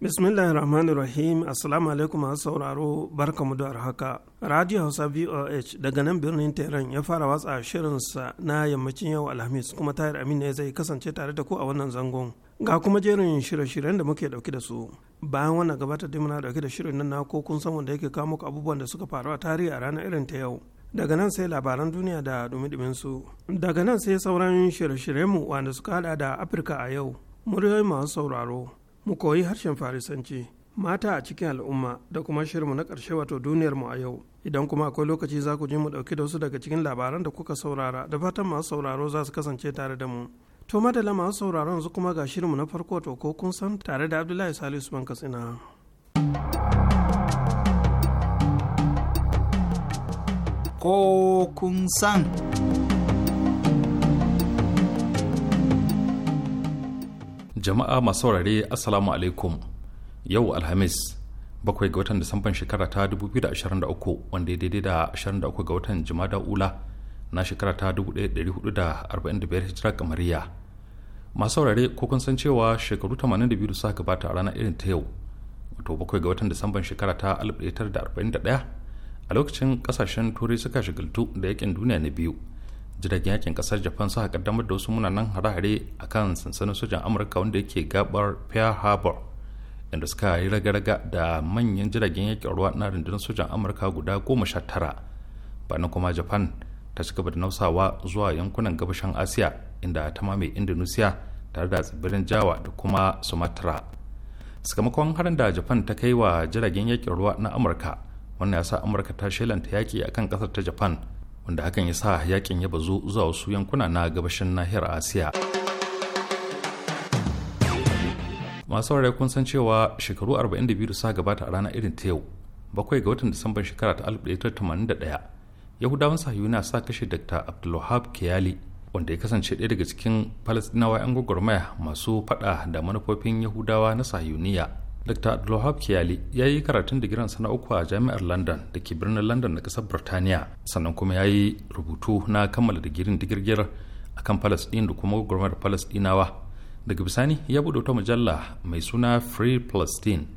bismillahir rahmanir rahim assalamu alaikum masu sauraro barkamu da haka radio hausa voh daga nan birnin tehran ya fara watsa shirinsa na yammacin yau alhamis kuma tayar amin ne zai kasance tare da ku a wannan zangon ga kuma jerin shirye-shiryen da muke dauke da su bayan wannan gabatar da muna dauke da shirin nan na ko kun san wanda yake kawo muku abubuwan da suka faru a tarihi a ranar irin ta yau daga nan sai labaran duniya da dumi su daga nan sai sauran shirye-shiryenmu wanda suka hada da afirka a yau muryoyi masu sauraro mu koyi harshen farisanci mata a cikin al'umma da kuma shirinmu na ƙarshe wato mu a yau idan kuma akwai lokaci za ku je mu ɗauki da wasu daga cikin labaran da kuka saurara da fatan masu sauraro za su kasance tare da mu to madala masu sauraro yanzu kuma ga shirinmu na farko to ko kun san tare da abdullahi salisu ban katsina ko kun san jama'a masu saurare assalamu alaikum yau alhamis bakwai ga watan disamban shekara ta 2023 wanda ya daidai da 23 ga watan jimada ula na shekara ta 1445 hijira kamariya masu saurare ko kun san cewa shekaru 82 da suka gabata a ranar irin ta yau wato bakwai ga watan disamban shekara ta 1941 a lokacin kasashen turai suka shigaltu da yakin duniya na biyu jiragen yakin kasar japan suka kaddamar da wasu munanan hare-hare a kan sansanin sojan amurka wanda yake gabar pearl harbor inda suka yi raga-raga da manyan jiragen yakin ruwa na rundunar sojan amurka guda goma sha tara bana kuma japan ta ci gaba da nausawa zuwa yankunan gabashin asiya inda ta mame indonesia tare da tsibirin jawa da kuma sumatra sakamakon harin da japan ta kai wa jiragen yakin ruwa na amurka wannan ya sa amurka ta shelanta yaki akan kasar ta japan wanda hakan ya sa yakin ya bazu zuwa wasu yankuna na gabashin nahiyar asiya masu rarrai kun san cewa shekaru 42 da sa gabata a ranar irin ta yau bakwai ga watan disamban shekara ta 1981 yahudawan sahiyuna sa kashe dr abdulwahab kiyali wanda ya kasance ɗaya daga cikin falastinawa 'yan gwagwarmaya masu fada da manufofin yahudawa na sahiyuniya dr abdulwahab kiyali ya yi karatun digirin sana uku a jami'ar london da ke birnin london na kasar birtaniya sannan kuma ya yi rubutu na kammala digirin digirgir a kan palestine da kuma gwamnatin palestinawa daga bisani ya buɗe wata mujalla mai suna free palestine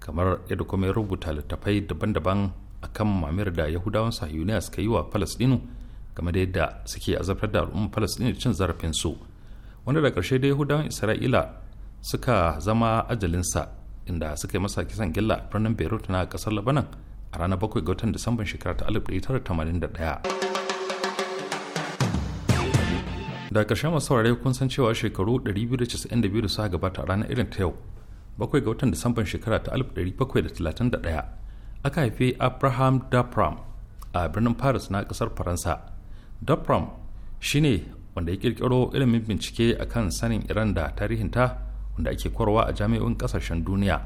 kamar yadda kuma ya rubuta littattafai daban-daban a kan mamir da yahudawan sahiyuniya suka yi wa palestinu game da yadda suke azabtar da al'umma palestinu cin zarafin su wanda da ƙarshe da yahudawan isra'ila suka zama ajalinsa inda suka yi masa kisan gilla a birnin beirut na kasar labanan a ranar 7 ga watan disamban shekara ta 1981 da ƙarshe masu saurare kun san cewa shekaru 292 da suka gabata a ranar irin ta yau bakwai ga watan disamban shekara ta 1731 aka haifi abraham dapram a birnin paris na kasar faransa dapram shine wanda ya kirkiro ilimin bincike akan sanin iran da tarihinta wanda ake korowa a jami'o'in kasashen duniya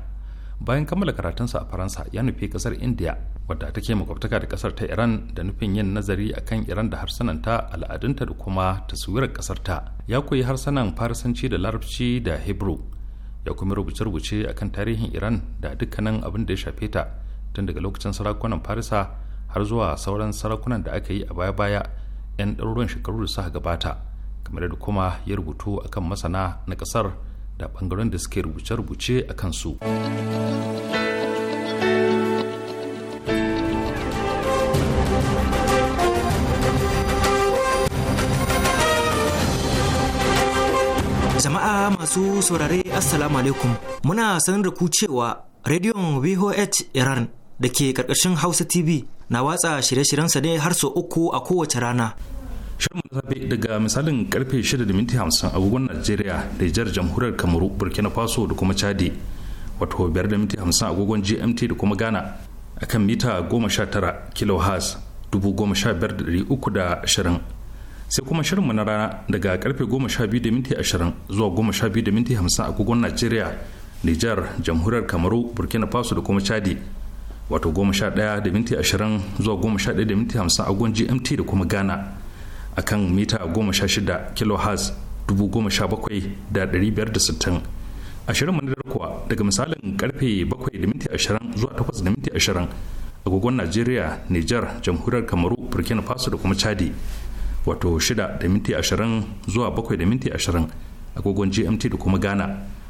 bayan kammala karatunsa a faransa ya nufi kasar indiya. wadda take makwabtaka da kasar ta iran da nufin yin nazari akan iran da harsunanta al'adunta da kuma taswirar kasar ta ya koyi harsunan farisanci da larabci da hebrew ya kuma rubuce-rubuce akan tarihin iran da dukkanin abin da ya shafe ta tun daga lokacin sarakunan farisa har zuwa sauran sarakunan da aka yi a baya-baya 'yan ɗaruruwan shekaru da suka gabata kamar da kuma ya rubutu akan masana na kasar. da bangaren da suke rubuce-rubuce a kansu. Jama'a masu saurare Assalamu alaikum muna sanar da ku cewa rediyon VOH Iran da ke ƙarƙashin Hausa TV na watsa shirye-shiryensa ne har sau uku a kowace rana. shirin safe daga misalin karfe 6:50 agogon najeriya da jihar jamhuriyar kamaru burkina faso da kuma chadi wato 5:50 agogon gmt da kuma ghana akan mita 19 kilohertz 15320 sai kuma shirinmu na rana daga karfe 12:20 zuwa 12:50 agogon najeriya nijar jamhuriyar kamaru burkina faso da kuma chadi wato 11:20 zuwa 11:50 agogon gmt da kuma ghana a kan mita 16 kHz 17,560 ashirin manadar kuwa daga misalin karfe 7:20 zuwa 8:20 agogon najeriya nijar jamhuriyar kamaru burkina faso da kuma chadi wato shida da minti zuwa 7.20 da minti agogon gmt da kuma ghana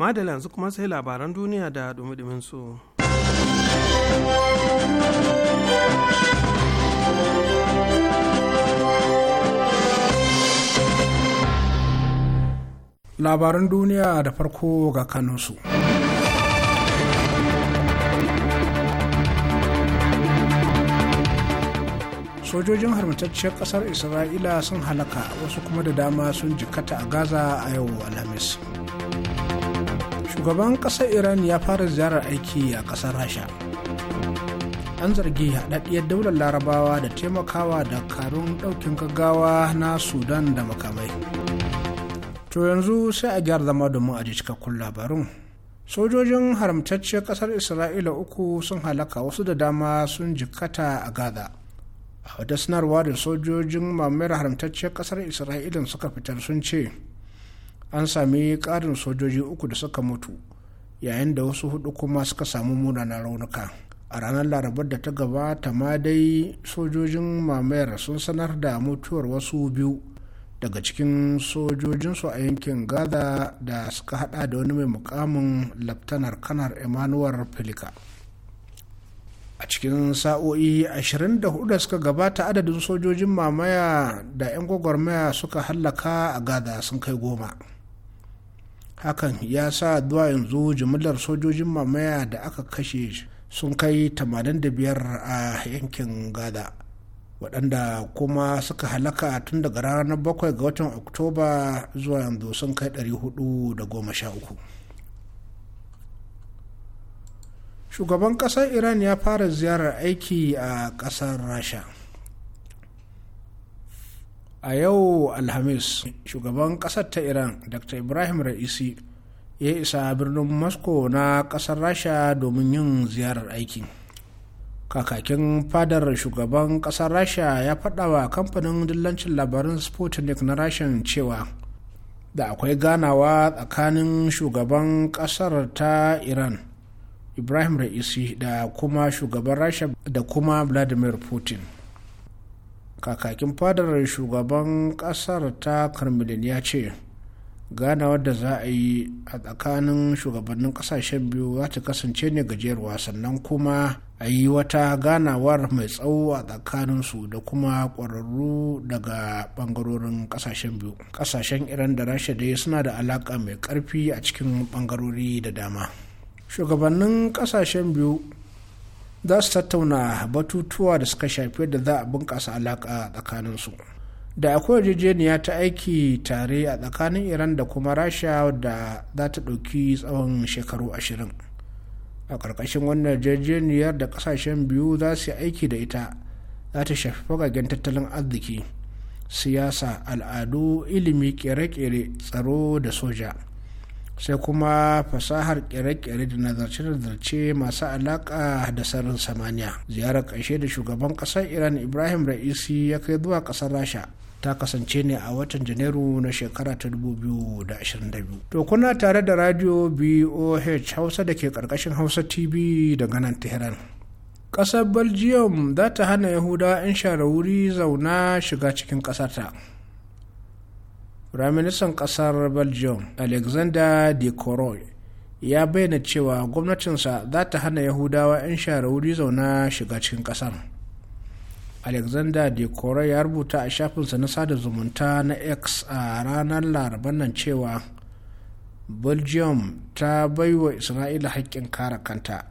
madala yanzu kuma sai labaran duniya da dumi su. labaran duniya da farko ga kanunsu. sojojin harmatacciyar kasar isra'ila sun halaka wasu kuma da dama sun jikata a gaza a yau alhamis shugaban ƙasar iran ya fara ziyarar aiki a ƙasar rasha an zargi haɗaɗɗiyar daular larabawa da taimakawa da karun ɗaukin gaggawa na sudan da makamai to yanzu sai a gyara zama domin a ji cikakkun labarun sojojin haramtacciyar ƙasar isra'ila uku sun halaka wasu da dama sun jikkata a gaza a wata sanarwa da sojojin mamayar haramtacce ƙasar isra'ila suka fitar sun ce an sami ƙarin sojoji uku da suka mutu yayin da wasu hudu kuma suka samu munanan raunuka a ranar larabar da ta gabata ma dai sojojin mamayar sun sanar da mutuwar wasu biyu daga cikin sojojinsu a yankin gaza da suka hada da wani mai mukamin laftanar kanar emmanuel filika a cikin sa'o'i 24 da suka gabata adadin sojojin mamaya da 'yan gwagwarmaya suka hallaka a gaza sun kai goma hakan ya sa zuwa yanzu jimillar sojojin mamaya da aka kashe sun kai 85 a yankin gada waɗanda kuma suka halaka tun daga ranar bakwai ga watan oktoba zuwa yanzu sun kai 413 shugaban ƙasar iran ya fara ziyarar aiki a ƙasar rasha a yau alhamis shugaban ƙasar ta iran dr ibrahim ra'isi ya isa birnin moscow na kasar rasha domin yin ziyarar aiki kakakin fadar shugaban kasar rasha ya faɗa wa kamfanin dillancin labarin sputnik na rashin cewa da akwai ganawa tsakanin shugaban kasar ta iran ibrahim ra'isi da kuma shugaban rasha da kuma vladimir putin kakakin fadar shugaban kasar ta karmilin ya ce ganawar da za a yi a tsakanin shugabannin kasashen biyu za ta kasance ne gajeruwa sannan kuma a yi wata ganawar mai tsawo a su da kuma ƙwararru daga ɓangarorin ƙasashen biyu ƙasashen iran da rasha dai suna da alaƙa mai ƙarfi a cikin ɓangarori da dama shugabannin ƙasashen biyu za su tattauna batutuwa da suka shafi da za a bunƙasa alaƙa tsakaninsu da akwai yarjejeniya ta aiki tare a tsakanin iran da kuma rasha da za ta ɗauki tsawon shekaru ashirin a ƙarƙashin wannan yarjejeniyar da ƙasashen biyu za su yi aiki da ita za ta shafi fagagen tattalin arziki siyasa al'adu ilimi kere-kere tsaro da soja sai kuma fasahar kere-kere da nazarce-nazarce masu alaƙa da sararin samaniya ziyarar ƙarshe da shugaban ƙasar iran ibrahim ra'isi ya kai zuwa ƙasar rasha ta kasance ne a watan janairu na shekara ta 2022 to kuna tare da radio boh hausa da ke ƙarƙashin hausa tv daga nan tehran ƙasar belgium za ta hana yahudawa 'yan shara wuri zauna shiga cikin ƙasarta. Firaministan ƙasar Belgium Alexander de Croix, ya bayyana cewa gwamnatinsa za ta hana Yahudawa 'yan share wuri zauna shiga cikin ƙasar. Alexander de Croix ya rubuta a shafinsa na sada zumunta na X a ranar Laraban nan cewa Belgium ta baiwa Isra'ila haƙƙin kare kanta.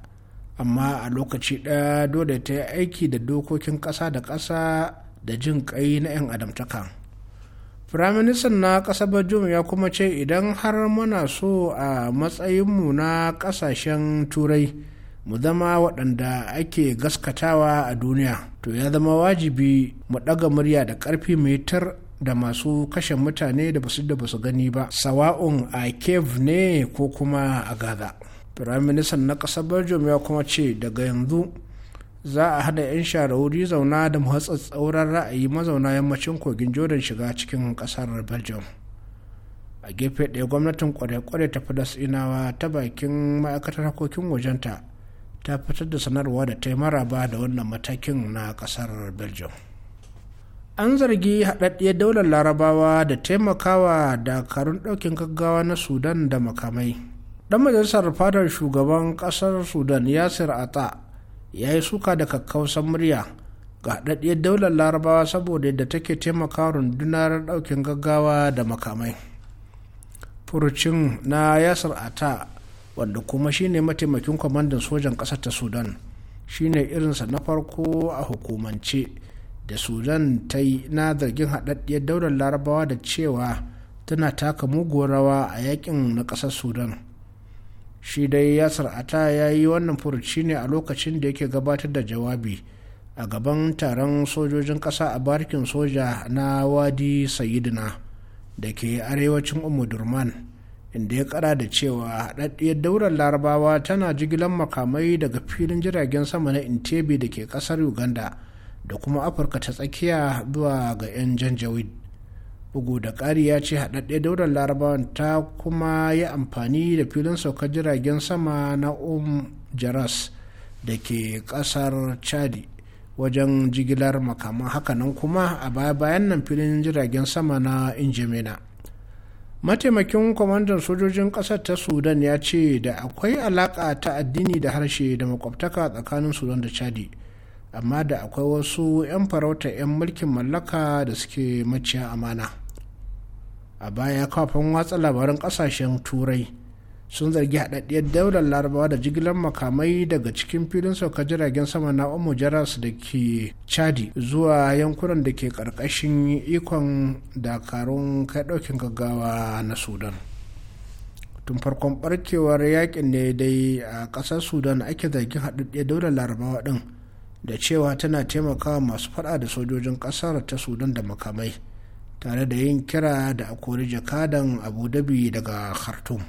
amma a lokaci ɗaya dole ta yi aiki da dokokin ƙasa da ƙasa da jin ƙai na 'yan adamtaka firaministan na ƙasar bajum ya kuma ce idan har muna so a matsayinmu na ƙasashen turai mu zama waɗanda ake gaskatawa a duniya to ya zama wajibi mu ɗaga murya da ƙarfi mai tar da masu kashe mutane da basu da basu gani ba sawa'un a kev ne ko kuma a gaza firaministan na ƙasabar belgium ya kuma ce daga yanzu za a hada 'yan shara wuri zauna da tsauran ra'ayi mazauna yammacin kogin jordan shiga cikin kasar belgium a gefe ɗaya gwamnatin kware-kware ta inawa ta bakin ma'aikatar harkokin wajenta ta fitar da sanarwa da ta yi maraba da wannan matakin na kasar belgium an zargi haɗaɗɗiyar daular larabawa da taimakawa dakarun ɗaukin gaggawa na sudan da makamai ɗan majalisar fadar shugaban ƙasar sudan yasir ata ya yi suka da kakkausan murya ga haɗaɗɗiyar daular larabawa saboda yadda take taimaka rundunar ɗaukin gaggawa da makamai furucin na yasir ata wanda kuma shine mataimakin kwamandan sojan ƙasar ta sudan shine irinsa na farko a hukumance da sudan ta yi na zargin haɗaɗɗiyar daular larabawa da cewa tana taka muguwar rawa a yakin na ƙasar sudan shi dai yasir ata ya yi wannan furuci ne a lokacin da yake gabatar da jawabi a gaban taron sojojin ƙasa a barkin soja na wadi sayidina da ke arewacin umudurman inda ya kara da cewa haɗaɗɗiyar daular larabawa tana jigilar makamai daga filin jiragen sama na intebe da ke ƙasar uganda da kuma afirka ta tsakiya zuwa ga 'yan janjawid bugu da ƙari ya ce haɗaɗɗe daular larabawan ta kuma yi amfani da filin saukar jiragen sama na um jaras da ke ƙasar chadi wajen jigilar makaman hakanan kuma a baya-bayan nan filin jiragen sama na injimina mataimakin kwamandan sojojin ƙasar ta sudan ya ce da akwai alaƙa ta addini da harshe da makwabtaka tsakanin sudan da chadi amma da akwai wasu 'yan farauta 'yan mulkin mallaka da suke maciya amana. a baya kafin watsa labaran kasashen turai sun zargi haɗaɗɗiyar daular larabawa da jigilar makamai daga cikin filin sauka jiragen sama na omo umm jaras da ke chadi zuwa yankunan da ke ƙarƙashin ikon dakarun kai ɗaukin gaggawa na sudan tun farkon barkewar yakin ne dai a ƙasar sudan ake zargin haɗaɗɗiyar daular larabawa ɗin da cewa tana taimakawa masu faɗa da sojojin ƙasar ta sudan da makamai tare da yin kira da a kori jakadan abu dhabi daga khartoum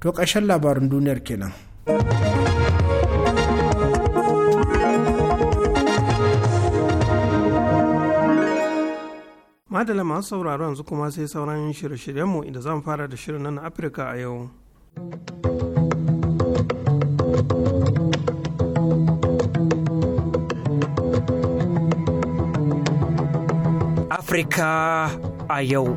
to ƙarshen labarin duniyar kenan. madala masu sauraro yanzu kuma sai sauran shirye-shiryenmu inda zan fara da shirin nan afirka a yau Afirka a yau.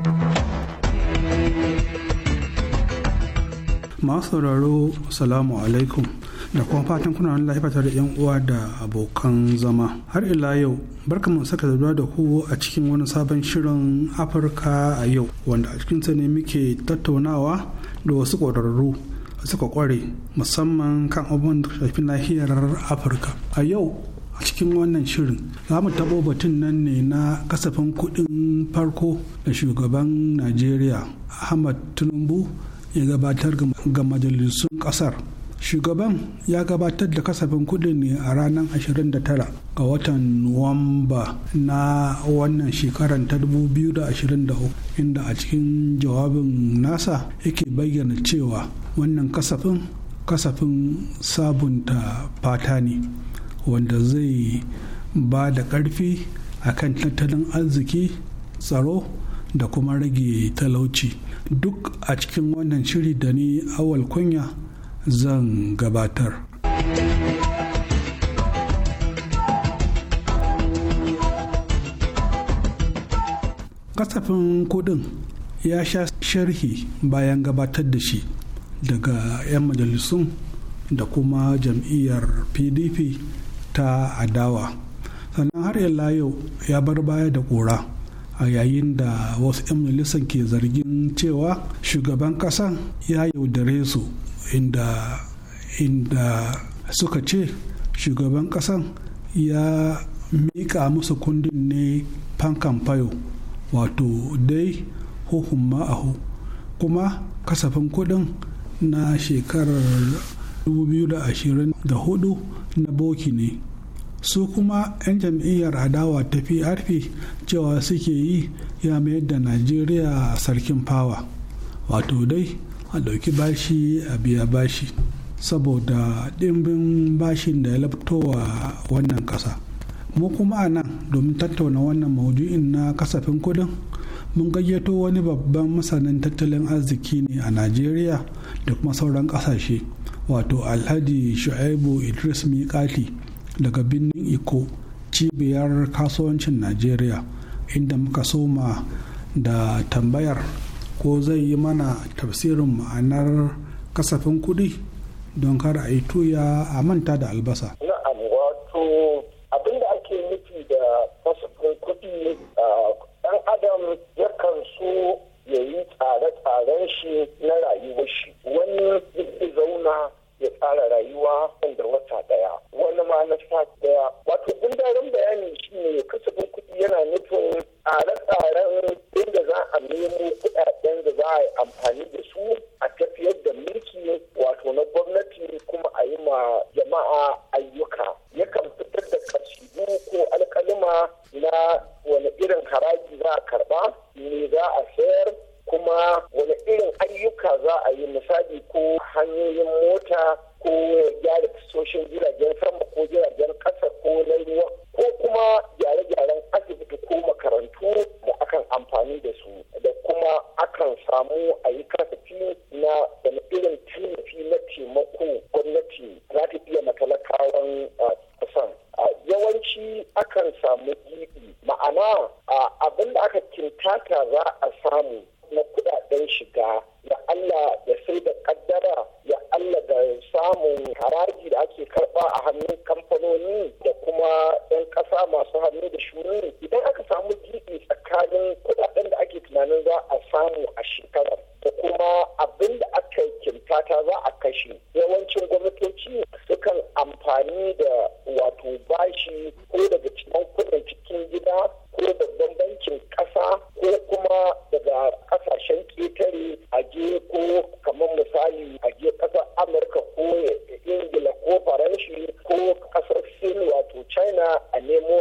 Masu sauraro salamu alaikum da kuma fatan kuna wani lafiya da 'yan uwa da abokan zama. Har ila yau, barka mu saka zaura da ku a cikin wani sabon shirin Afirka a yau, wanda a cikinsa ne muke tattaunawa da wasu ƙwararru suka kware musamman kan abubuwan da shafi nahiyar Afirka. A yau a cikin wannan shirin za mu taɓo batun nan ne na kasafin kuɗin farko da shugaban najeriya ahmad tinubu ya gabatar ga majalisun ƙasar shugaban ya gabatar da kasafin kudin ne a ranar 29 ga watan nuwamba na wannan shekarar ta 2023 inda a cikin jawabin nasa yake bayyana cewa wannan kasafin kasafin sabunta fata ne wanda zai ba da ƙarfi a kan tattalin arziki tsaro da kuma rage talauci duk a cikin wannan shiri da ni awal kunya zan gabatar kasafin kudin ya sha sharhi bayan gabatar da shi daga 'yan majalisun da kuma jam'iyyar pdp ta adawa sannan har yalla yau ya bar baya da kura a yayin da wasu 'yan milisan ke zargin cewa shugaban kasa ya yaudare su inda inda suka ce shugaban kasan ya mika musu kundin ne fankan fayo wato dai hukun ma'ahu kuma kasafin kudin na shekarar 2024 na boki ne su kuma 'yan jam'iyyar adawa ta prp cewa suke yi ya mayar da najeriya sarkin fawa wato dai a ɗauki bashi a biya bashi saboda ɗimbin bashin da ya laftowa wannan ƙasa mu kuma a nan domin tattauna wannan maudu'in na kasafin kudin mun gayyato wani babban masanin tattalin arziki ne a najeriya da kuma sauran ƙasashe wato alhaji shu'aibu idris miƙati daga birnin iko cibiyar kasuwancin najeriya inda muka soma da tambayar ko zai yi mana tafsirin ma'anar kasafin kuɗi don kar a yi tuya a manta da albasa na'am wato abinda ake nufi da kasafin kuɗi ɗan adam yakan so ya yi tsare-tsaren shi na rayuwar shi wani zai zauna ya tsara rayuwa da wata daya wani ma na sa daya wato gundarin bayani shine kasafin kuɗi yana nufin tsare-tsaren inda za a nemo kuɗaɗen da za a yi amfani da su a tafiyar da mulki wato na gwamnati kuma a yi ma jama'a ayyuka yakan fitar da kasidu ko alkalima na wani irin haraji za a karba me za a sayar kuma wani irin ayyuka za a yi misali ko hanyoyin mota ko gyara tasoshin jiragen sama ko jiragen ƙasa ko na ruwa ko kuma gyare-gyaren asibiti ko makarantu da akan amfani da su da kuma akan samu a yi kasafi na wani irin tallafi na taimako gwamnati za ta iya matalakawan kasan yawanci akan samu gidi ma'ana abin da aka kintata za a samu don shiga ya Allah da sai da kaddara ya Allah da samun haraji da ake karɓa a hannun kamfanoni da kuma 'yan ƙasa masu hannu da shuni idan aka samu jiki tsakanin kuɗaɗen da ake tunanin za a samu a shekarar da kuma abin da aka kintata za a kashe yawancin gwamnatoci sukan amfani da wato bashi ko daga a nemo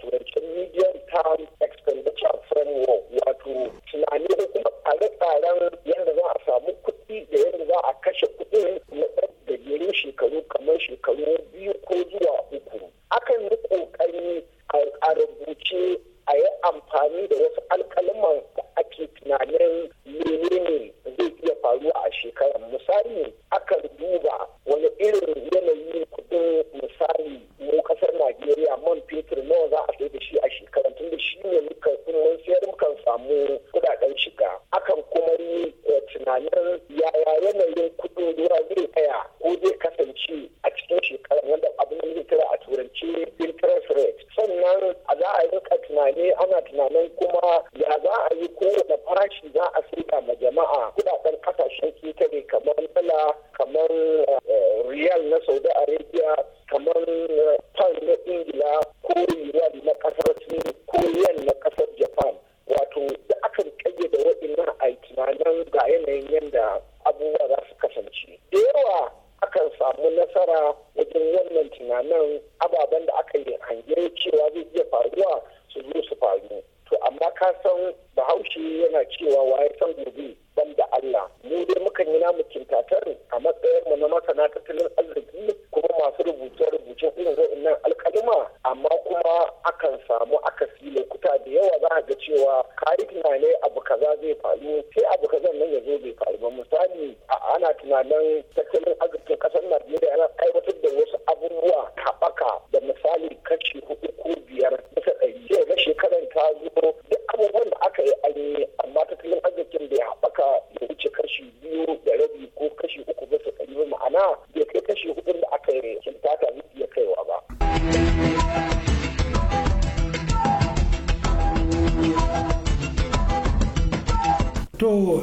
saturation medium term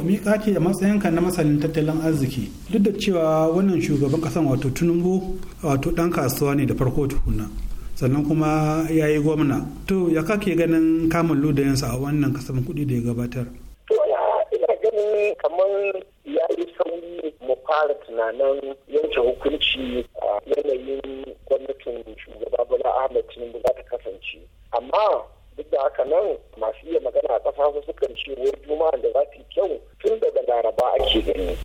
miƙa a matsayinka na masanin tattalin arziki duk da cewa wannan shugaban ƙasan wato tunubu wato ɗan kasuwa ne da farko tukuna sannan kuma ya yi gwamna to ya kake ganin kamun ludayensa a wannan kasafin kuɗi da ya gabatar kamar ya yi mu fara tunanin yanke hukunci a yanayin gwamnatin shugaba bala ahmed tinubu za ta kasance amma duk da haka nan masu iya magana a ƙasa su sukan ce wai juma'a da chicken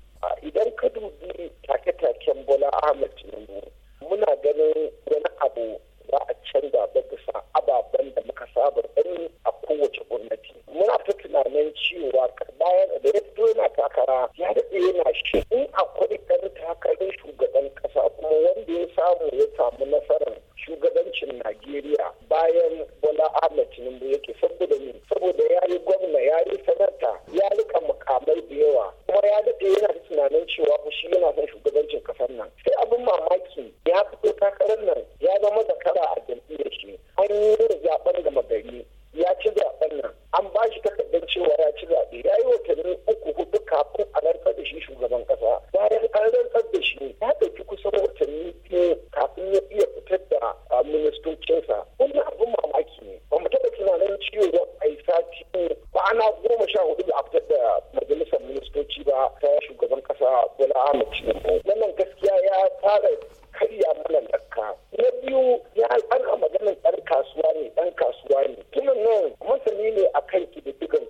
kasuwa ne. Tunan nan masani ne a akan kididdigan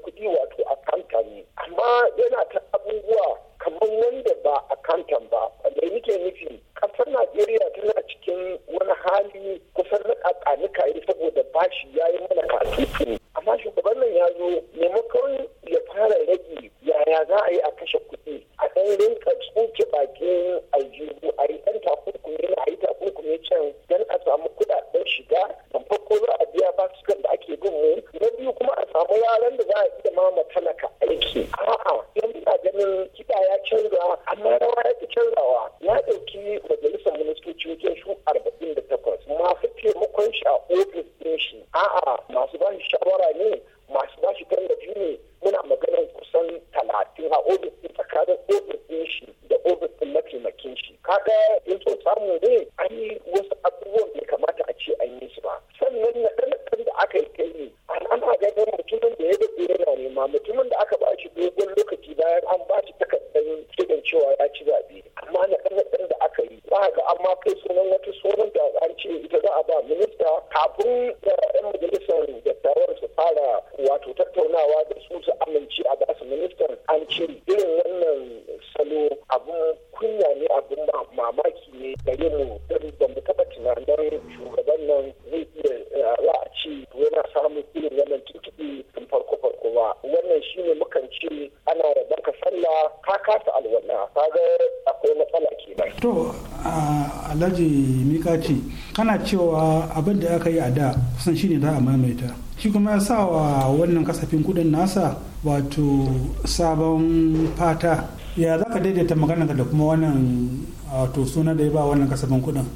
cewa abin da aka yi a da kusan shine za a maimaita shi kuma ya sa wa wannan kasafin kudin nasa wato sabon fata ya za ka daidaita maganar da kuma wannan wato suna da ya ba wannan kasafin kudin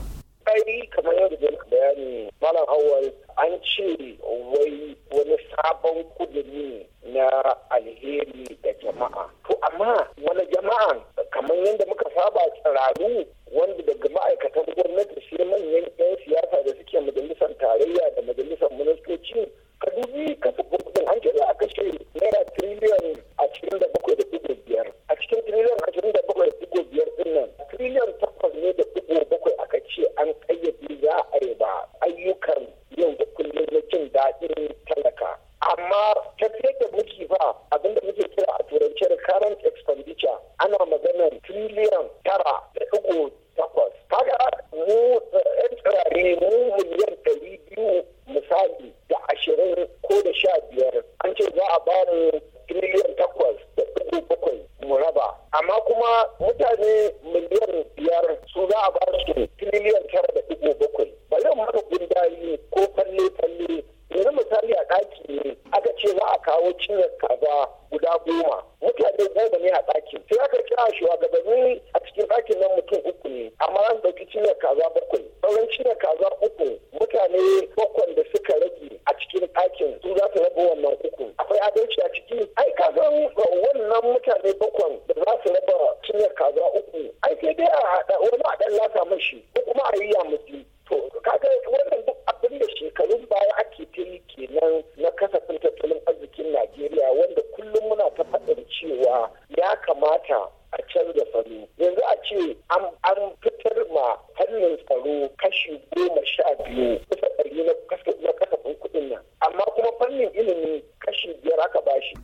fannin ilimi kashi biyar aka bashi.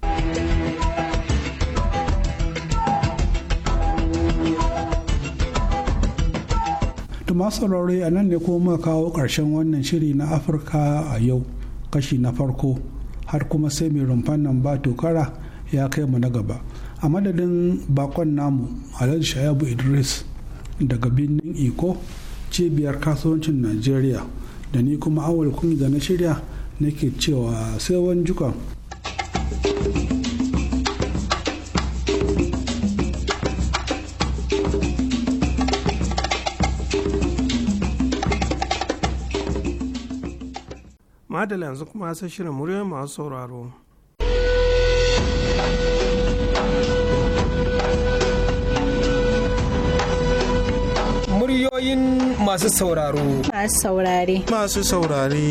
Tuma saurare a nan ne kuma muka kawo ƙarshen wannan shiri na Afirka a yau kashi na farko har kuma sai mai rumfan nan ba tokara ya kai mu na gaba. A madadin bakon namu Alhaji Shayabu Idris daga birnin Iko cibiyar kasuwancin Najeriya da ni kuma awal kun da na shirya nake cewa sai wani juka. madala yanzu kuma sai shirin murya masu sauraro. Muryoyin masu sauraro. Masu saurare. Masu saurare.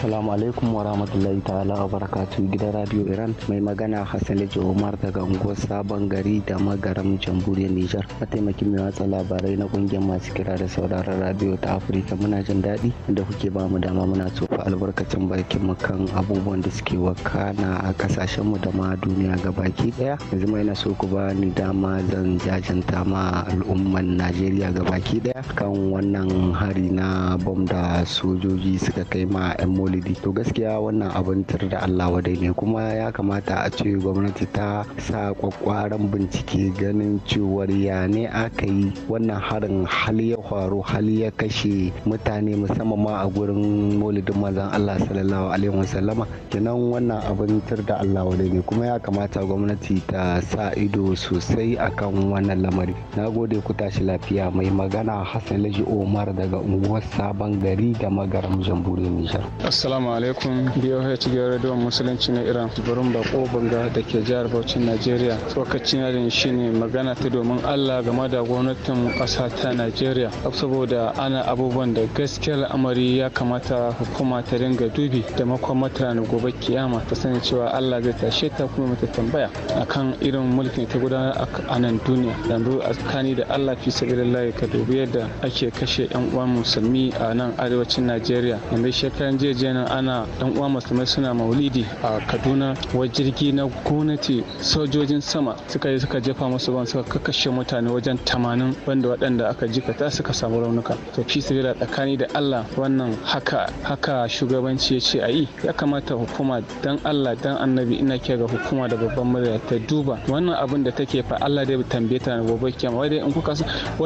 Assalamu alaikum wa rahmatullahi ta'ala wa barakatuhu gidan Radio Iran mai magana Hassan Umar daga unguwar Sabon Gari da Magaram Jamhuriyar Nijar. Mataimakin mai watsa labarai na kungiyar masu kira da sauraron radio ta Afirka muna jin daɗi da kuke ba mu dama muna tsufa. albarkacin bakin mu kan abubuwan da suke wakana a kasashen mu da ma duniya gabaki daya. Yanzu mai na so ku ba ni dama zan jajanta ma al'umman Najeriya gabaki daya kan wannan hari na bom da sojoji suka kai ma 'yan maulidi to gaskiya wannan abin tur da allah wadai ne kuma ya kamata a ce gwamnati ta sa kwakwaran bincike ganin cewar ya ne aka yi wannan harin hal ya faru hal ya kashe mutane musamman ma a gurin maulidin manzon allah sallallahu alaihi wasallama kenan wannan abin tur da allah wadai ne kuma ya kamata gwamnati ta sa ido sosai akan wannan lamari nagode gode ku tashi lafiya mai magana hassan laji omar daga unguwar sabon gari da magaram jamhuriyar nijar Assalamu alaikum BOH cikin Radio Musulunci na Iran Burin Bako Banga da ke jihar Bauchi Najeriya. Tsokacin shi ne magana ta domin Allah game da gwamnatin ƙasa ta Najeriya. Saboda ana abubuwan da gaskiyar al'amari ya kamata hukuma ta ringa dubi da makon na gobe kiyama ta sani cewa Allah zai tashe ta kuma mata tambaya akan irin mulkin ta gudanar a nan duniya. Yanzu a da Allah fi sabilillahi ka dubi yadda ake kashe 'yan uwan musulmi a nan arewacin Najeriya. Yanzu shekaran jiya kenan ana ɗan uwa musulmai suna maulidi a kaduna wa jirgi na gwamnati sojojin sama suka yi suka jefa musu ban suka kakashe mutane wajen tamanin banda waɗanda aka jikata suka samu raunuka to fi da tsakani da allah wannan haka haka shugabanci ya ce a yi ya kamata hukuma dan allah dan annabi ina ke ga hukuma da babban murya ta duba wannan abin da take fa allah dai tambaye ta na gobe kiyama wai in kuka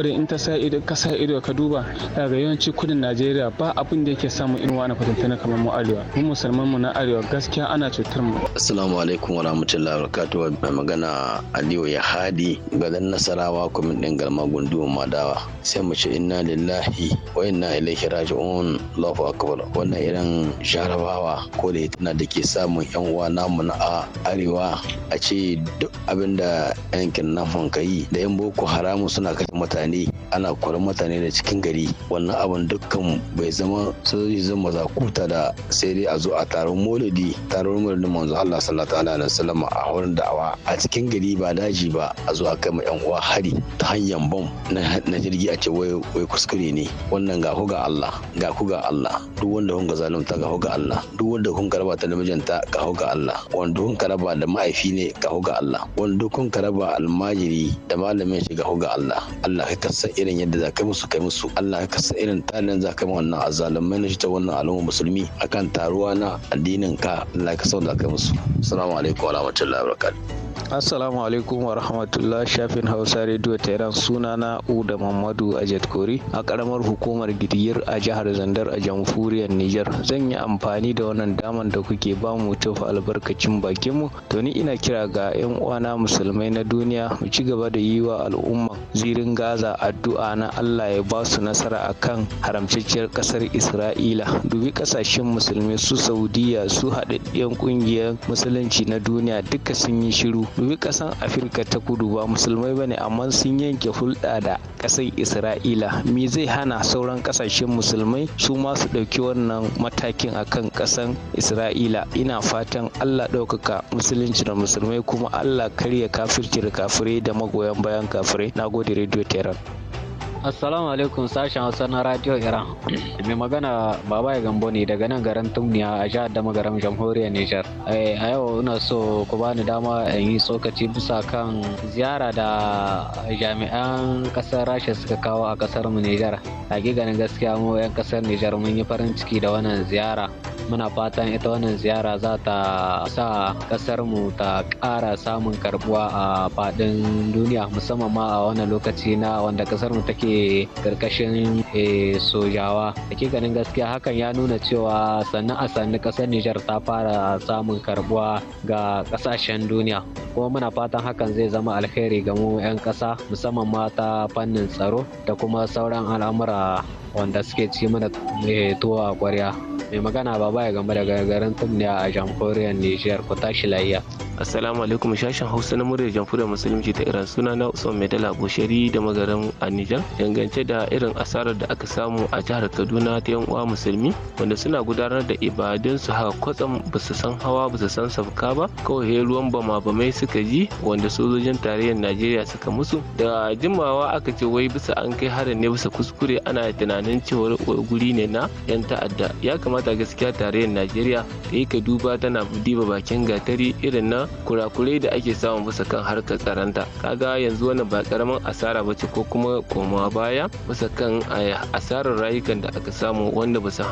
in ta sa ido ka sa ido ka duba daga yawanci kudin najeriya ba abin da yake samu inuwa na kwatantaina kamar musulman mu arewa mu musulman mu na arewa gaskiya ana cutar mu assalamu alaikum wa barakatuh mai magana aliyu ya hadi gadan nasarawa kwamin din galma gunduma madawa sai mu ce inna lillahi wa inna ilaihi raji'un allahu akbar wannan irin jarabawa ko da tana da ke samun yan uwa namu na a arewa a ce duk abinda yankin yi da yan boko haramu suna kashe mutane ana kwarar mutane da cikin gari wannan abin dukkan bai zama sojoji zama zakuta da saboda sai dai a zo a taron maulidi taron maulidin manzo Allah sallallahu alaihi wasallam a wurin da'awa a cikin gari ba daji ba a zo a kai yan uwa hari ta hanyar bom na jirgi a ce wai wai kuskure ne wannan ga ku ga Allah ga ku ga Allah duk wanda kun ga zalunta ga ku ga Allah duk wanda kun karba ta da mijinta ga ku ga Allah wanda kun karba da ma'aifi ne ga ku ga Allah wanda kun karba almajiri da malamin shi ga ku ga Allah Allah ka kasa irin yadda za ka musu kai musu Allah ka kasa irin talin za ka wannan azalumai na shi ta wannan al'umma musulmi akan taruwa na addinin ka Allah ka da musu assalamu alaikum warahmatullahi wabarakatuh assalamu alaikum warahmatullahi shafin hausa radio tehran suna na uda mamadu ajet kori a karamar hukumar gidiyar a jihar zandar a jamhuriyar niger zan yi amfani da wannan daman da kuke ba mu tufa albarkacin bakinmu to ni ina kira ga yan uwana musulmai na duniya mu ci gaba da yi wa al'umma zirin gaza addu'a na allah ya ba su nasara akan haramcacciyar kasar isra'ila dubi kasashe kasashen musulmi su saudiya su haɗaɗɗiyar ƙungiyar musulunci na duniya duka sun yi shiru dubi ƙasan afirka ta kudu ba musulmai bane amma sun yanke hulɗa da ƙasar isra'ila me zai hana sauran ƙasashen musulmai su ma su ɗauki wannan matakin akan ƙasan isra'ila ina fatan allah ɗaukaka musulunci da musulmai kuma allah karya kafirci da kafirai da magoyan bayan kafirai na gode radio teran Assalamu alaikum sashen Hausa na Radio Iran. Mai magana Baba ya Gambo ne daga nan garin Tumniya a jihar Damagaram Jamhuriyar Nijar. Eh, a yau ina so ku bani dama in yi tsokaci bisa kan ziyara da jami'an kasar Rasha suka kawo a kasar mu Nijar. Hakikanin gaskiya mu 'yan kasar Nijar mun yi farin ciki da wannan ziyara. muna fatan ita wannan ziyara za ta sa kasar mu ta ƙara samun karbuwa a faɗin duniya musamman ma a wannan lokaci na wanda kasar mu take karkashin Eh, sojawa ganin gaskiya hakan ya nuna cewa sannan a sannu kasar nijar ta fara samun karbuwa ga kasashen duniya kuma muna fatan hakan zai zama alheri ga mu 'yan kasa musamman ma fannin tsaro da kuma sauran al'amura wanda suke ci mana eh, tuwa kwarya mai magana ba baya game da garin tumniya a jamhuriyar nijar ku tashi layya. Assalamu alaikum shashin Hausa na muryar jamhuriyar musulunci ta Iran suna na Usman Medala Bushari da magaran a Nijar dangance da irin asarar da da aka samu a jihar kaduna ta yan uwa musulmi wanda suna gudanar da ibadunsu haka kwatsam ba su san hawa ba su san safka ba kawai he ruwan bama bamai suka ji wanda sojojin tarayyar najeriya suka musu da jimawa aka ce wai bisa an kai harin ne bisa kuskure ana tunanin cewar guri ne na yan ta'adda ya kamata gaskiya tarayyar najeriya ta yi ka duba tana diba bakin gatari irin na kurakurai da ake samun bisa kan harkar tsaronta kaga yanzu wannan ba karamin asara ba ce ko kuma koma baya bisa kan eh, asarar rayukan da aka samu wanda ba su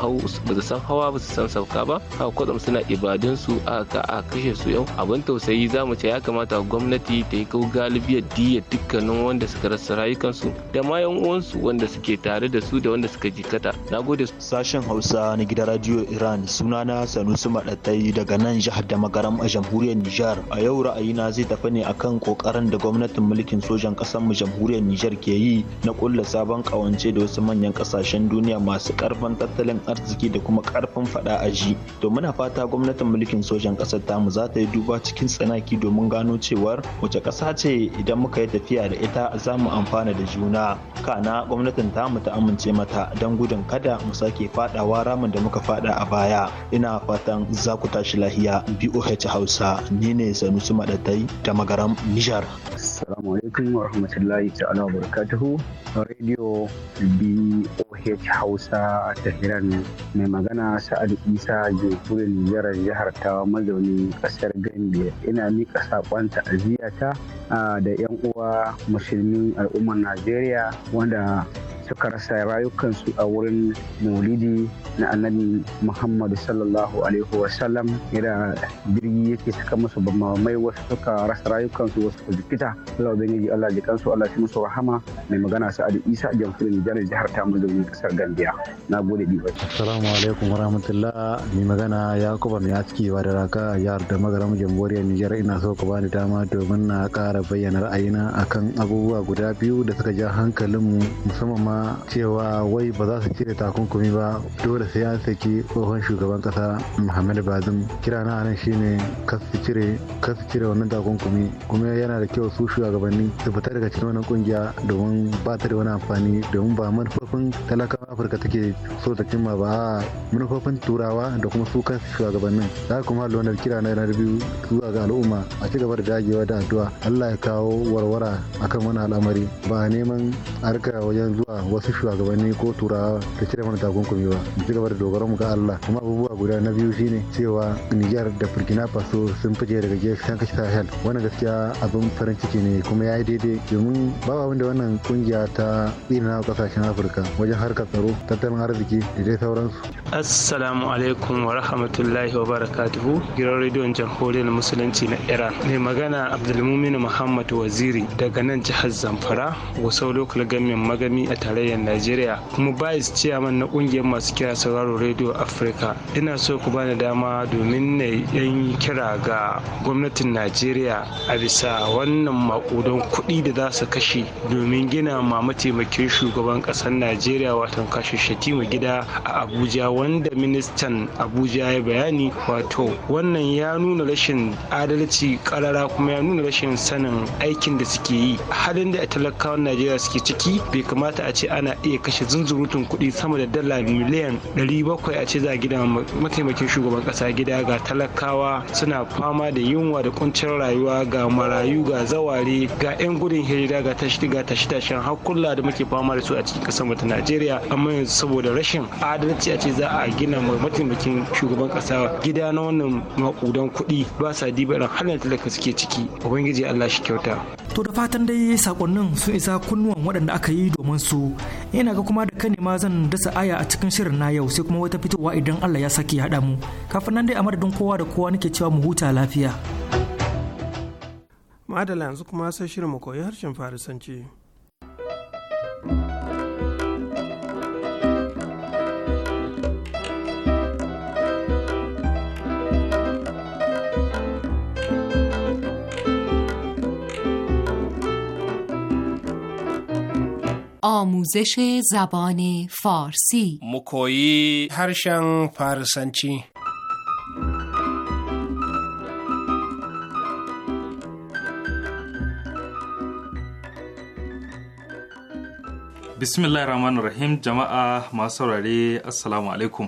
san hawa ba su san sauka ba haka kwatsam suna ibadun su aka a kashe su yau abin tausayi za mu ce ya kamata gwamnati ta yi kau galibiyar diya dukkanin wanda suka rasa rayukansu da ma yan uwansu wanda suke tare da su da wanda suka jikata na gode sashen hausa na gidan radio iran sunana sanusi maɗatai daga nan jihar da magaram a jamhuriyar nijar a yau ra'ayina zai tafi ne akan kokarin da gwamnatin mulkin sojan ƙasar mu jamhuriyar nijar ke yi na ƙulla sabon kawance da wasu manyan kasashen duniya masu karfin tattalin arziki da kuma karfin fada a ji to muna fata gwamnatin mulkin sojan kasar tamu za ta yi duba cikin tsanaki domin gano cewar wace kasa ce idan muka yi tafiya da ita za mu amfana da juna kana gwamnatin tamu ta amince mata don gudun kada mu sake fadawa ramin da muka fada a baya ina fatan za ku tashi lahiya boh hausa ni ne sanusi madatai da magaram nijar assalamu alaikum wa rahmatullahi ta'ala wa barakatuhu radio boh hausa tehran mai magana sa'adu isa jamhuriyar nijar jihar ta mazauni kasar gambia ina miƙa saƙon ta'aziyata ah, da yan uwa musulmin al'ummar najeriya wanda suka rasa rayukansu a wurin maulidi na annabi muhammadu sallallahu alaihi wasallam yadda birgi yake saka musu mai wasu suka rasa rayukansu wasu suka jikita allah ubangiji allah jikansu allah shi musu rahama mai magana adi isa a jamfuri nijar jihar ta mu zaune kasar gambia na gode diba assalamu alaikum rahmatulah. mai magana yakuba mai aski wa da raka jihar da magaram jamhuriyar nijar ina so ku bani dama domin na kara bayyana ra'ayina akan abubuwa guda biyu da suka ja hankalinmu musamman ma kuma cewa wai ba za su cire takunkumi ba dole sai an saki tsohon shugaban kasa muhammad bazum kira na nan shine kasu cire kasu cire wannan takunkumi kuma yana da kyau su shugabanni su fita daga cikin wannan kungiya domin ba ta da wani amfani domin ba manufofin talakawa afirka take so ta cimma ba manufofin turawa da kuma su kansu shugabannin za kuma lonar kira na yanar biyu zuwa ga al'umma a ci gaba da dagewa da addu'a allah ya kawo warwara akan wani al'amari ba neman harka wajen zuwa wasu shugabanni ko turawa da cire mana takunkumi ba mu ci gaba da dogaro mu ga Allah kuma abubuwa guda na biyu shine cewa Niger da Burkina Faso sun fice daga kan kashi Sahel wannan gaskiya abin farin ciki ne kuma yayi daidai domin ba abin da wannan kungiya ta tsina kasashen Afirka wajen harkar tsaro tattalin arziki da dai sauransu. Assalamu alaikum wa rahmatullahi wa barakatuhu gidan rediyon jamhuriyar musulunci na Iran mai magana Abdulmumin Muhammad Waziri daga nan jihar Zamfara wasau lokal gamin magami a tarayyar najeriya kuma bayis chairman na kungiyar masu kira sauraro radio africa ina so ku bani dama domin na yan kira ga gwamnatin najeriya a bisa wannan makudan kuɗi da za su kashe domin gina ma mataimakin shugaban ƙasar najeriya wato kashe shatima gida a abuja wanda ministan abuja ya bayani wato wannan ya nuna rashin adalci ƙarara kuma ya nuna rashin sanin aikin da suke yi halin da talakawan najeriya suke ciki bai kamata a ce ce ana iya kashe zunzurutun kuɗi sama da dala miliyan 700 a ce za gida mataimakin shugaban kasa gida ga talakawa suna fama da yunwa da kuncin rayuwa ga marayu ga zaware ga 'yan gudun hijira ga tashi ga tashi tashin hakulla da muke fama da su a cikin kasar mu ta Najeriya amma yanzu saboda rashin adalci a ce za a gina mataimakin shugaban kasa gida na wannan makudan kuɗi ba sa diba ran halin talaka suke ciki ubangiji Allah shi kyauta to da fatan dai sakonnin sun isa kunnuwan waɗanda aka yi domin su yana ga kuma da kane ma zan dasa aya a cikin shirin na yau sai kuma wata fitowa idan Allah ya saki ya haɗa mu kafin nan dai a madadin kowa da kowa nake cewa mu huta lafiya. Madala yanzu kuma sai shirin mu koyi harshen Farisanci. آموزش zabani فارسی mukoyi harshen فارسنچی bismillahir rahmanir rahim jama'a masu saurare asalamu alaikum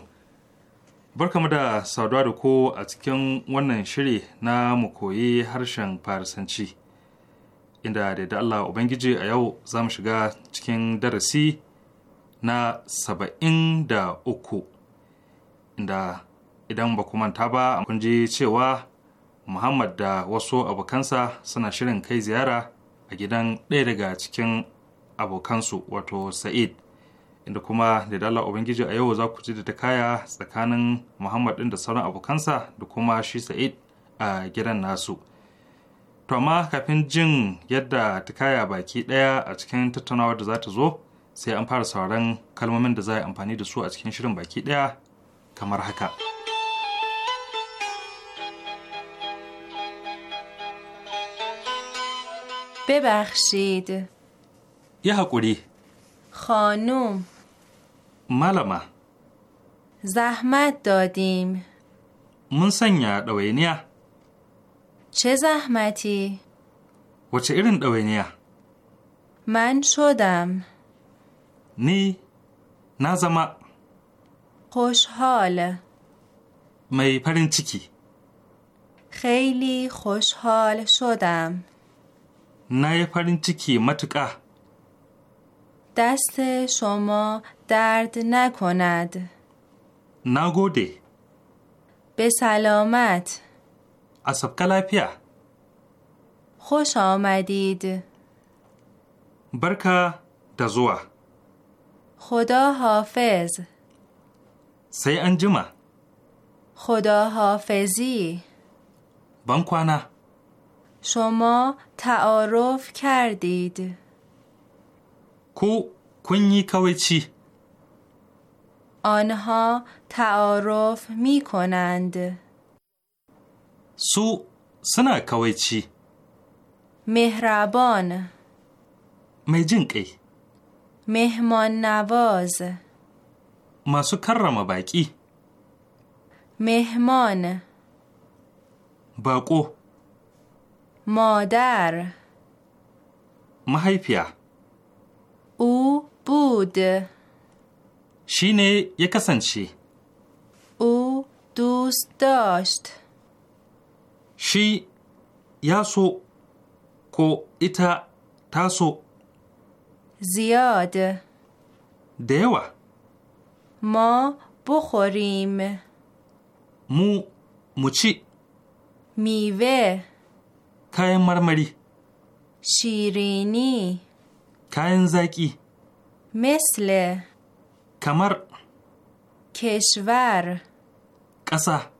barkamu da saduwa da ko a cikin wannan shiri na mu koyi harshen farisanci inda da Allah Ubangiji a yau za mu shiga cikin darasi na saba'in da uku inda idan ba ku manta ba kun ji cewa Muhammad da wasu abokansa suna shirin kai ziyara a gidan ɗaya daga cikin abokansu wato Sa'id inda kuma da dala Ubangiji a yau za ku ji da ta kaya tsakanin Muhammad ɗin da sauran abokansa da kuma shi Sa'id a gidan nasu. To amma kafin jin yadda ta kaya baki ɗaya a cikin tattaunawar da za ta zo sai an fara sauran kalmomin da za a yi amfani da su a cikin shirin baki ɗaya kamar haka. ببخشید یه حقوری خانوم ملما زحمت دادیم من سنیا دوینیه چه زحمتی؟ و چه ایرن دوینیا؟ من شدم نی نازما خوشحال می پرین چیکی خیلی خوشحال شدم نه پرین چیکی متکا دست شما درد نکند نگودی. به سلامت اسبکه خوش آمدید. برکا دزوه. خدا حافظ. سی انجمه خدا حافظی. بانکوانا. شما تعارف کردید. کو کنی چی؟ آنها تعارف می کنند. su suna kawaici mihrabon mai jin ƙai mihmon navoz masu karrama baƙi mihmon baƙo modar mahaifiya ubud shi ne ya kasance u dustost shi ya so ko ita ta so ziyada da yawa ma bukhorim mu mu ci miwe kayan marmari shirini kayan zaki misle kamar Keshvar. ƙasa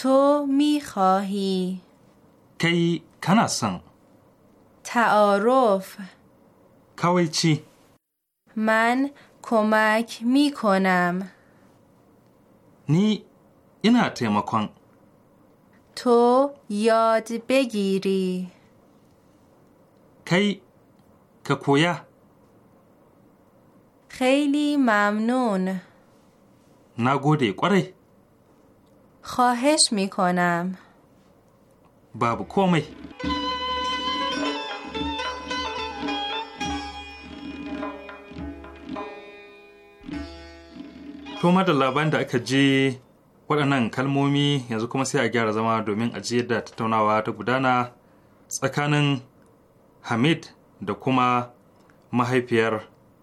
تو می خواهی کی کناسن تعارف کاوی چی من کمک می کنم نی اینا تیمکن تو یاد بگیری کی ککویا خیلی ممنون نگوده قره خواهش می کنم بابو کومی To da labarin da aka je waɗannan kalmomi yanzu kuma sai a gyara zama domin ajiyar da tattaunawa ta gudana tsakanin Hamid da kuma mahaifiyar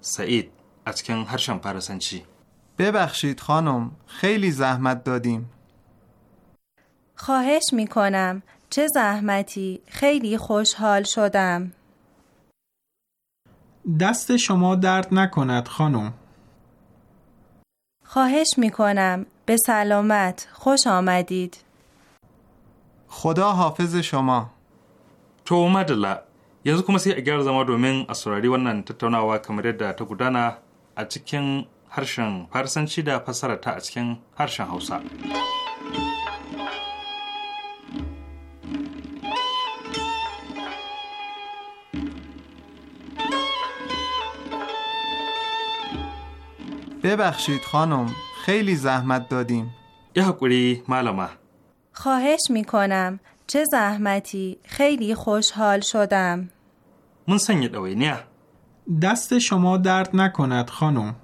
Sa'id a cikin harshen Farisanci. ببخشید خانم خیلی زحمت دادیم خواهش می کنم. چه زحمتی. خیلی خوشحال شدم. دست شما درد نکند خانم. خواهش می کنم. به سلامت. خوش آمدید. خدا حافظ شما. تو اومد yanzu kuma sai a gyara zama domin a saurari wannan tattaunawa kamar yadda ta gudana a cikin harshen farsanci da fasarata a cikin harshen hausa. ببخشید خانم خیلی زحمت دادیم یه معلومه خواهش میکنم چه زحمتی خیلی خوشحال شدم من سنگ نه دست شما درد نکند خانم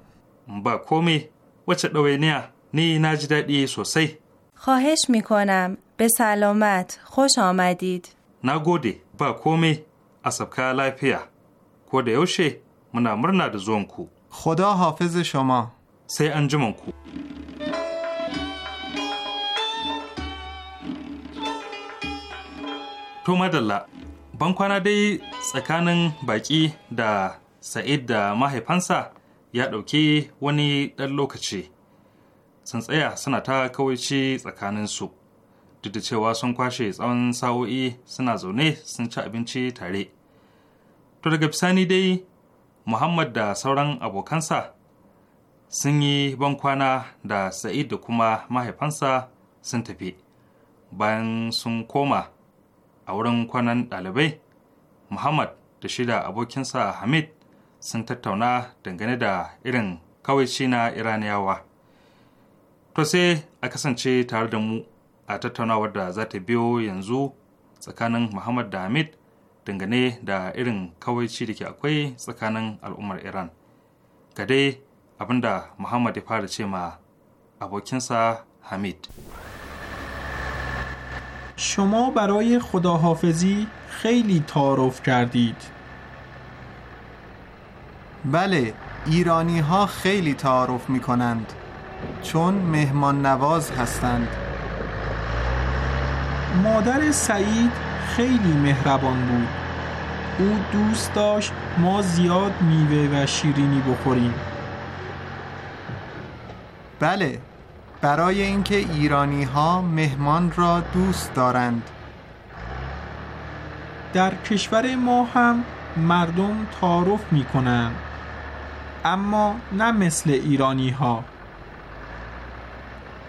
با کومی وچه نه نی نجددی سوسی خواهش میکنم به سلامت خوش آمدید نگودی با کومی اصبکا لایپیا کودیوشی منا مرنا د زونکو خدا حافظ شما سی انجمن کو To madalla, bankwana dai tsakanin baƙi da Sa'id da mahaifansa ya ɗauki wani ɗan lokaci. Sun tsaya suna ta kawai ci tsakaninsu, duk da cewa sun kwashe tsawon sa'o'i suna zaune sun ci abinci tare. To daga bisani dai muhammad da sauran abokansa sun yi bankwana da sa'id da kuma mahaifansa sun tafi bayan sun koma a wurin kwanan ɗalibai muhammad da shida abokinsa hamid sun tattauna dangane da irin kawaici na iraniyawa to sai a kasance tare da mu a tattaunawar da za ta biyo yanzu tsakanin muhammad da hamid dangane da irin kawaici da ke akwai tsakanin al'ummar iran ga dai abinda muhammad ya fara ce ma abokinsa hamid شما برای خداحافظی خیلی تعارف کردید بله ایرانی ها خیلی تعارف می کنند چون مهمان نواز هستند مادر سعید خیلی مهربان بود او دوست داشت ما زیاد میوه و شیرینی بخوریم بله برای اینکه ایرانی ها مهمان را دوست دارند در کشور ما هم مردم تعارف می کنند اما نه مثل ایرانی ها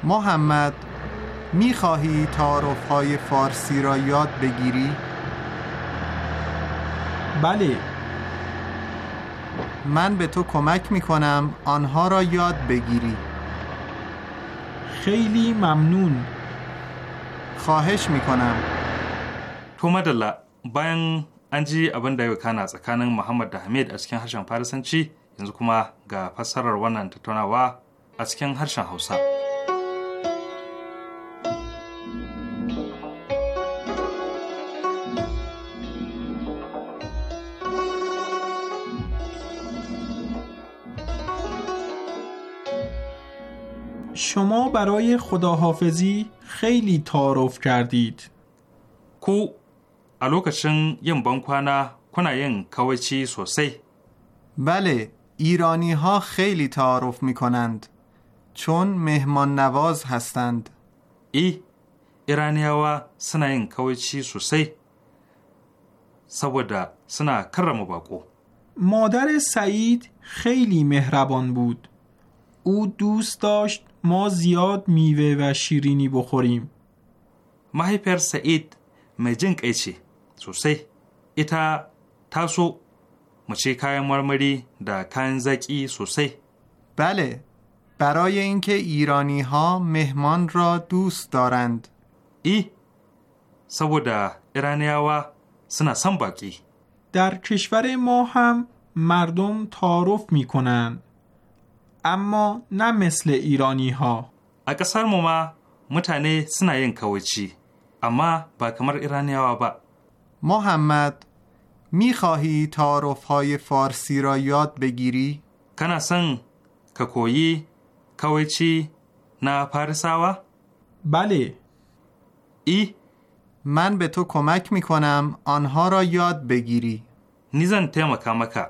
محمد میخواهی تعارف های فارسی را یاد بگیری؟ بله من به تو کمک میکنم آنها را یاد بگیری خیلی ممنون خواهش میکنم تو مدلا bayan an ji abin da ya kana tsakanin Muhammad da Hamid a cikin harshen Farisanci yanzu kuma ga fassarar wannan tattaunawa a cikin harshen Hausa. شما برای خداحافظی خیلی تعارف کردید کو الوکشن یم بانکوانا کنا یم کوچی سوسی بله ایرانی ها خیلی تعارف می کنند چون مهمان نواز هستند ای ایرانی ها سنا یم کاوچی سوسی سبودا سنا کرم باکو مادر سعید خیلی مهربان بود او دوست داشت ما زیاد میوه و شیرینی بخوریم ماهی پر سعید مجنگ ایچی سوسی ایتا تاسو تاسو so mace مرمری دا زکی بله، برای اینکه ایرانی ها مهمان را دوست دارند ای سبودا ها سنا سن باقی در کشور ما هم مردم تعارف می اما نه مثل ایرانی ها اکثر مما متانه سنایین کوچی اما با کمر ایرانی ها با محمد میخواهی تعارف های فارسی را یاد بگیری؟ سن ککویی کوچی نه پارساوا؟ بله ای من به تو کمک می کنم آنها را یاد بگیری نیزن تیم کمکا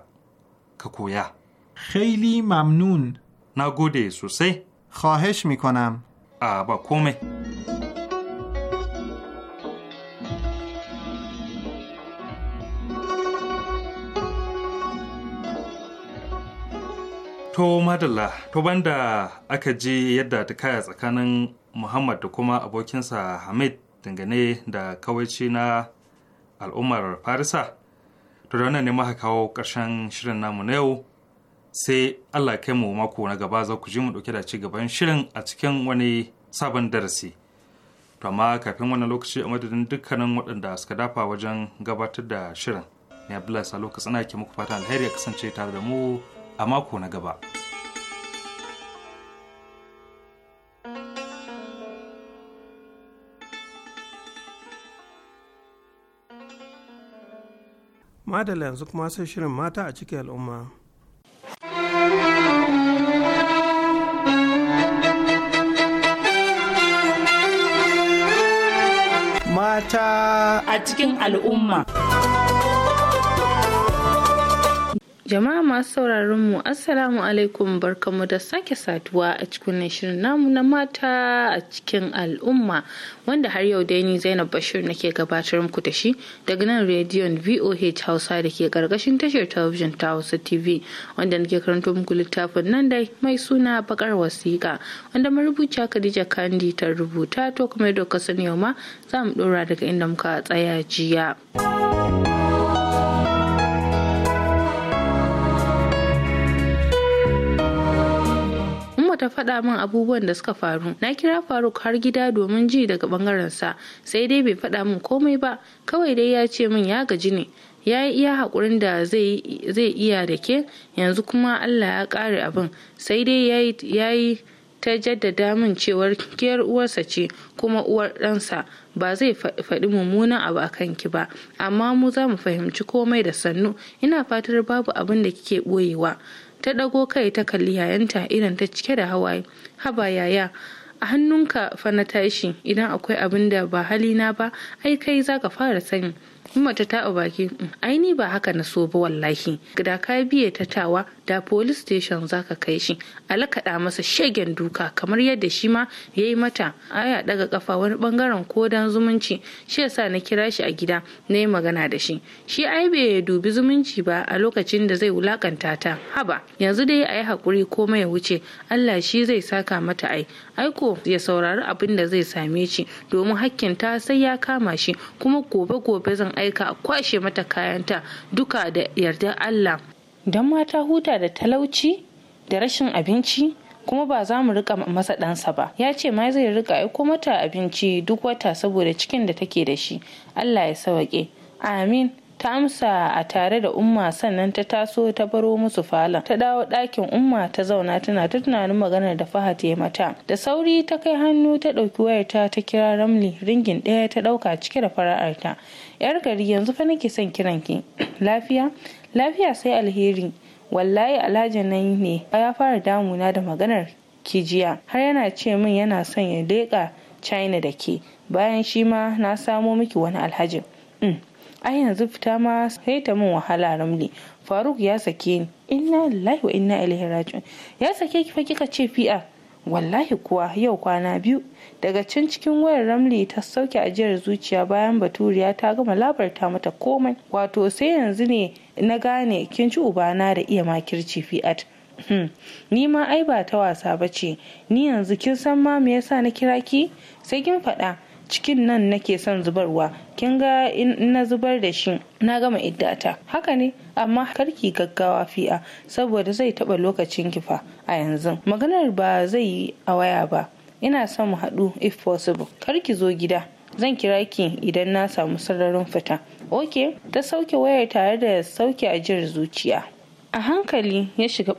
ککویا خیلی ممنون na gode sosai خواهش a ابا کومه To madalla, to banda aka ji yadda ta kaya tsakanin Muhammad da kuma abokinsa Hamid dangane da kawaici na al'ummar Farisa, to da wannan ne muka kawo ƙarshen shirin namu na yau sai Allah kai mu mako na gaba za ku ji mu ɗauke da ci gaban shirin a cikin wani sabon darasi to amma kafin wannan lokaci a madadin dukkanin waɗanda suka dafa wajen gabatar da shirin ne Abdullahi Salo ka tsana ke muku fatan alheri ya kasance tare da mu a mako na gaba. Madalla yanzu kuma sai shirin mata a cikin al'umma. mata a cikin al'umma. Jama'a masu sauraron mu Assalamu alaikum barkamu da sake saduwa a cikin shirin namu na mata a cikin al'umma wanda har yau dai ni Zainab Bashir nake gabatar muku da shi daga nan rediyon VOH Hausa da ke karkashin tashar talabijin ta Hausa TV wanda nake karanto muku littafin nan dai mai suna bakar wasiƙa wanda marubuciya Khadija Kandi ta rubuta to kuma yadda ka sani yau ma za mu dora daga inda muka tsaya jiya. kuma ta faɗa min abubuwan da suka faru. Na kira Faruk har gida domin ji daga bangaren sa, sai dai bai faɗa min komai ba, kawai dai ya ce min ya gaji ne. Ya yi iya haƙurin da zai iya da ke, yanzu kuma Allah ya kare abin, sai dai ya yi ta jaddada min cewar kiyar uwarsa ce kuma uwar ɗansa ba zai faɗi mummunan abu a kanki ba amma mu za mu fahimci komai da sannu ina fatar babu abin da kike ɓoyewa ta ɗago kai ta kalli yayanta irin ta cike da hawaye haba yaya a hannunka fa na tashi idan akwai abin da ba halina ba ai kai za ka fara sani in mace ta baki mm, Aini ba haka na so ba wallahi da ka biye ta tawa da police station zaka kai shi A lakaɗa masa shagen duka kamar yadda shi ma ya yi mata aya ɗaga kafa wani bangaren kodan zumunci shi yasa na kira shi a gida na yi magana da shi shi ai bai dubi zumunci ba a lokacin da zai wulakanta ta haba yanzu dai a yi hakuri komai ya wuce Allah shi zai saka mata ai aiko ya saurari abin da zai same shi domin hakkin ta sai ya kama shi kuma gobe gobe zan aika a kwashe mata kayanta duka da yarda Allah don mata huta da talauci da rashin abinci kuma ba za mu rika masa ɗansa ba ya ce ma zai rika aiko mata abinci duk wata saboda cikin da take da shi allah ya sawaƙe amin ta amsa a tare da umma sannan ta taso ta baro musu falon ta dawo ɗakin umma ta zauna tana ta tunanin magana da fahad ya mata da sauri ta kai hannu ta ɗauki wayarta ta kira ramli ringin ɗaya ta ɗauka cike da fara'arta yar gari yanzu fa nake son kiranki lafiya lafiya sai alheri wallahi alhaji nan ne ya fara damuna da maganar kijiya har yana ce min yana son ya leƙa china da ke bayan shi ma na samo miki wani alhaji mm. ai yanzu fita ma sai ta min wahala ramli faruk ya sake ni inna lillahi wa inna ilaihi ya sake ki fa kika ce fi'a wallahi kuwa yau kwana biyu daga can cikin wayar ramli ta sauke ajiyar zuciya bayan baturiya ta gama labarta mata komai wato sai yanzu ne na gane kin ci ubana da iya makirci fi'at hmm, ni ma ai ba ta wasa ba ce ni yanzu kin san ma me yasa na kira ki sai kin faɗa cikin nan nake son zubarwa kin ga in na zubar da shi na gama iddata haka ne amma karki gaggawa fi'a saboda zai taba lokacin kifa a yanzu maganar ba zai yi a waya ba ina son mu haɗu if possible karki zo gida zan kira ki idan na samu sararin fita ok ta sauke wayar tare da sauke ajiyar zuciya a hankali ya shiga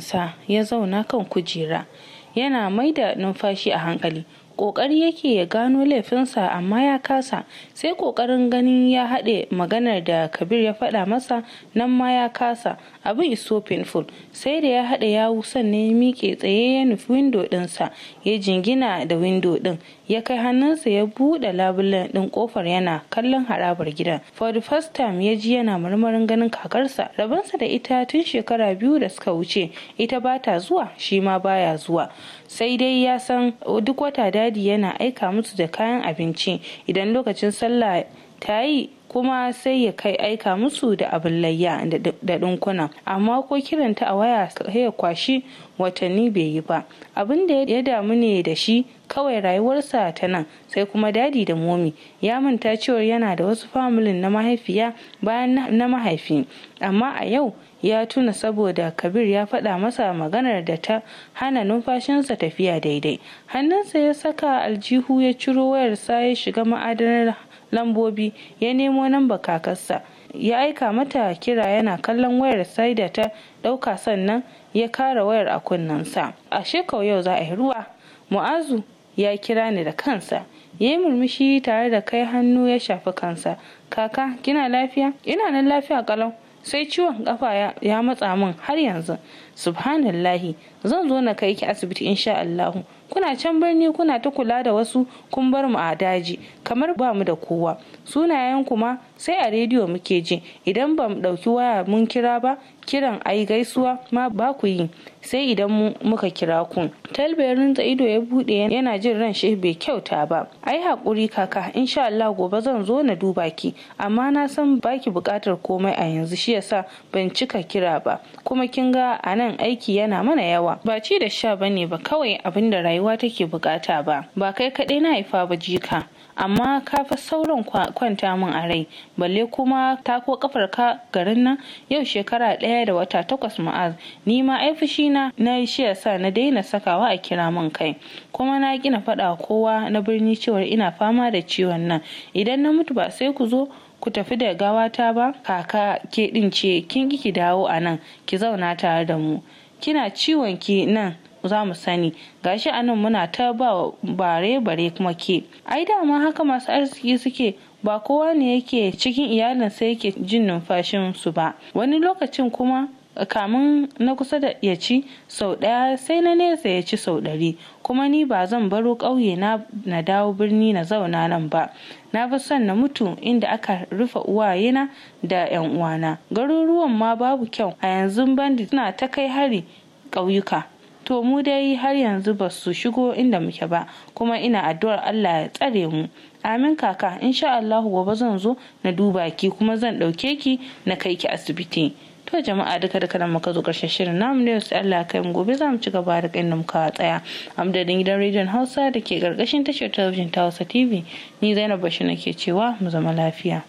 sa ya zauna kan kujera yana mai da numfashi a hankali kokari yake ya gano laifinsa amma ya kasa sai ƙoƙarin ganin ya haɗe maganar da kabir ya faɗa masa nan ma ya kasa abin is so painful sai da ya haɗa yawu sannan ya miƙe tsaye ya nufi windo ɗinsa ya jingina da windo ɗin ya kai hannunsa ya buɗe labulen ɗin ƙofar yana kallon harabar gidan for the first time ya ji yana marmarin ganin kakarsa rabansa da ita tun shekara biyu da suka wuce ita ba ta zuwa shi ma baya zuwa sai dai ya san duk wata dadi yana aika musu da kayan abinci idan lokacin sallah ta yi kuma sai ya kai aika musu da abin layya da dinkuna. amma ko kiranta a waya sai ya kwashi watanni bai yi ba abin da ya damu ne da shi kawai rayuwarsa ta nan sai kuma dadi da momi ya manta cewar yana da wasu familin na mahaifiya bayan na mahaifi amma a yau ya tuna saboda kabir ya faɗa masa maganar da ta hana numfashinsa tafiya daidai hannunsa ya saka aljihu ya ciro wayarsa ya shiga ma'adanar lambobi ya nemo namba kakarsa ya aika mata kira yana kallon wayar sai da ta ɗauka sannan ya kara wayar a kunnensa a shekau yau za a yi ruwa mu'azu ya kira ni da kansa ya yi murmushi tare da kai hannu ya shafi kansa kaka kina lafiya ina nan lafiya kalau sai ciwon kafa ya matsa min har yanzu subhanallahi zan zo na kai ki asibiti insha Allah kuna can birni kuna ta kula da wasu kun bar mu a daji kamar ba mu da kowa sunayen kuma sai a rediyo muke ji idan ba mu ɗauki waya mun kira ba kiran ai gaisuwa ma ba ku yi sai idan muka kira ku talberin da ido ya bude yana jin ran shi bai kyauta ba ai Hakuri kaka insha Allah gobe zan zo na duba ki amma na san baki bukatar komai a yanzu shi yasa ban cika kira ba kuma kin ga anan nan aiki yana mana yawa ba ci da sha ba ne ba kawai abin da rayuwa take bukata ba ba kai kaɗai na haifa ba jika amma ka fa sauran kwanta min a rai balle kuma ta ko kafar ka garin nan yau shekara ɗaya da wata takwas ma'az ni ma ai fushi na na shi yasa na daina sakawa a kira min kai kuma na gina faɗa kowa na birni cewar ina fama da ciwon nan idan na mutu ba sai ku zo ku tafi da gawata ba kaka ke din ce kin ki dawo a nan ki zauna tare da mu kina ciwon ki nan za mu sani gashi a nan muna ta ba bare bare kuma ke ai dama haka masu arziki suke ba kowa ne yake cikin iyalin sai yake jin numfashin su ba wani lokacin kuma kamun na kusa da ya ci sau ɗaya sai na nesa ya ci sau ɗari kuma ni ba zan baro ƙauye na dawo birni na zauna nan ba na fi son na mutu inda aka rufe uwayena da 'yan uwana garuruwan ma babu kyau a yanzu bandit suna ta kai hari ƙauyuka to mu dai har yanzu ba su shigo inda muke ba kuma ina addu'ar Allah ya tsare mu amin kaka insha Allah gobe zan zo na duba ki kuma zan ɗauke ki na kai ki asibiti to jama'a duka duka nan muka zo karshen shirin namu ne sai Allah kai mu gobe za mu ci gaba da inda muka tsaya amdadin gidan rediyon Hausa da ke karkashin tashar talabijin ta Hausa TV ni Zainab Bashir nake cewa mu zama lafiya.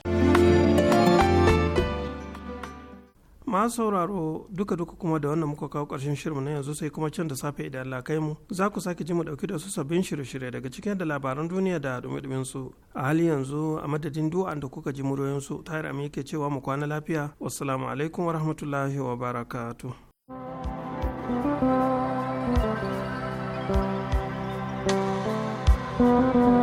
masu sauraro duka duka kuma da wannan muka kawo ƙarshen shirin na yanzu sai kuma can da safe idan Allah kai mu za ku sake ji mu ɗauki da su sabbin shirye-shirye daga cikin da labaran duniya da dumi su a hali yanzu a madadin du'an da kuka ji muryoyin su tayar amin yake cewa mu kwana lafiya wassalamu alaikum wa rahmatullahi wa barakatu. thank you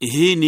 Hii ni